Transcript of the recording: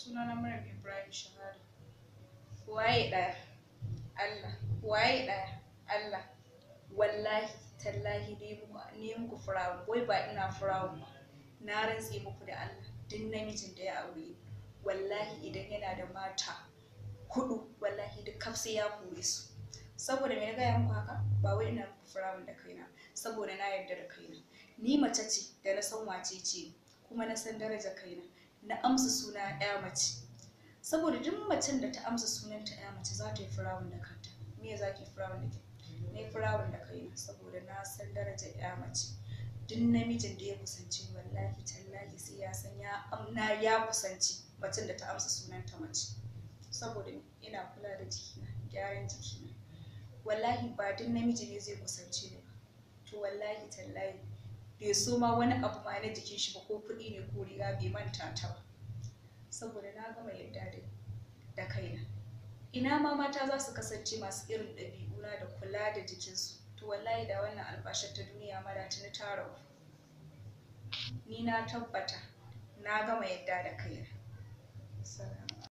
Suna na Maryam Ibrahim Shahada. Waye ɗaya? Allah. Waye ɗaya? Allah. Wallahi tallahi ne muku firawo wai ba ina firawo ba. Na rantse muku da Allah duk namijin da ya aure wallahi idan yana da mata hudu wallahi duk kaf sai ya kore su. Saboda me na gaya muku haka? Ba wai ina muku firawun da kaina saboda na yarda da kaina. Ni mace ce da na san wace ce kuma na san daraja kaina. na amsa suna ya mace saboda duk macen da ta amsa sunanta ya mace za ta yi firawun da kanta me za ki firawun da ke ne firawun da kai saboda na san darajar ya mace duk namijin da ya kusanci wallahi tallahi sai ya san ya amna ya kusanci macen da ta amsa sunanta mace saboda ina kula da jikina gyaran jikina wallahi ba duk namiji ne zai kusance ni to wallahi tallahi bai so ma wani abu ma na jikin shi ba ko kuɗi ne ko riga bai manta ta ba saboda na gama yadda da kaina ina ma mata za su kasance masu irin ɗabi'una da kula da jikinsu to wallahi da wannan albashar ta duniya mara tuni ta rabu ni na tabbata na gama yadda da kaina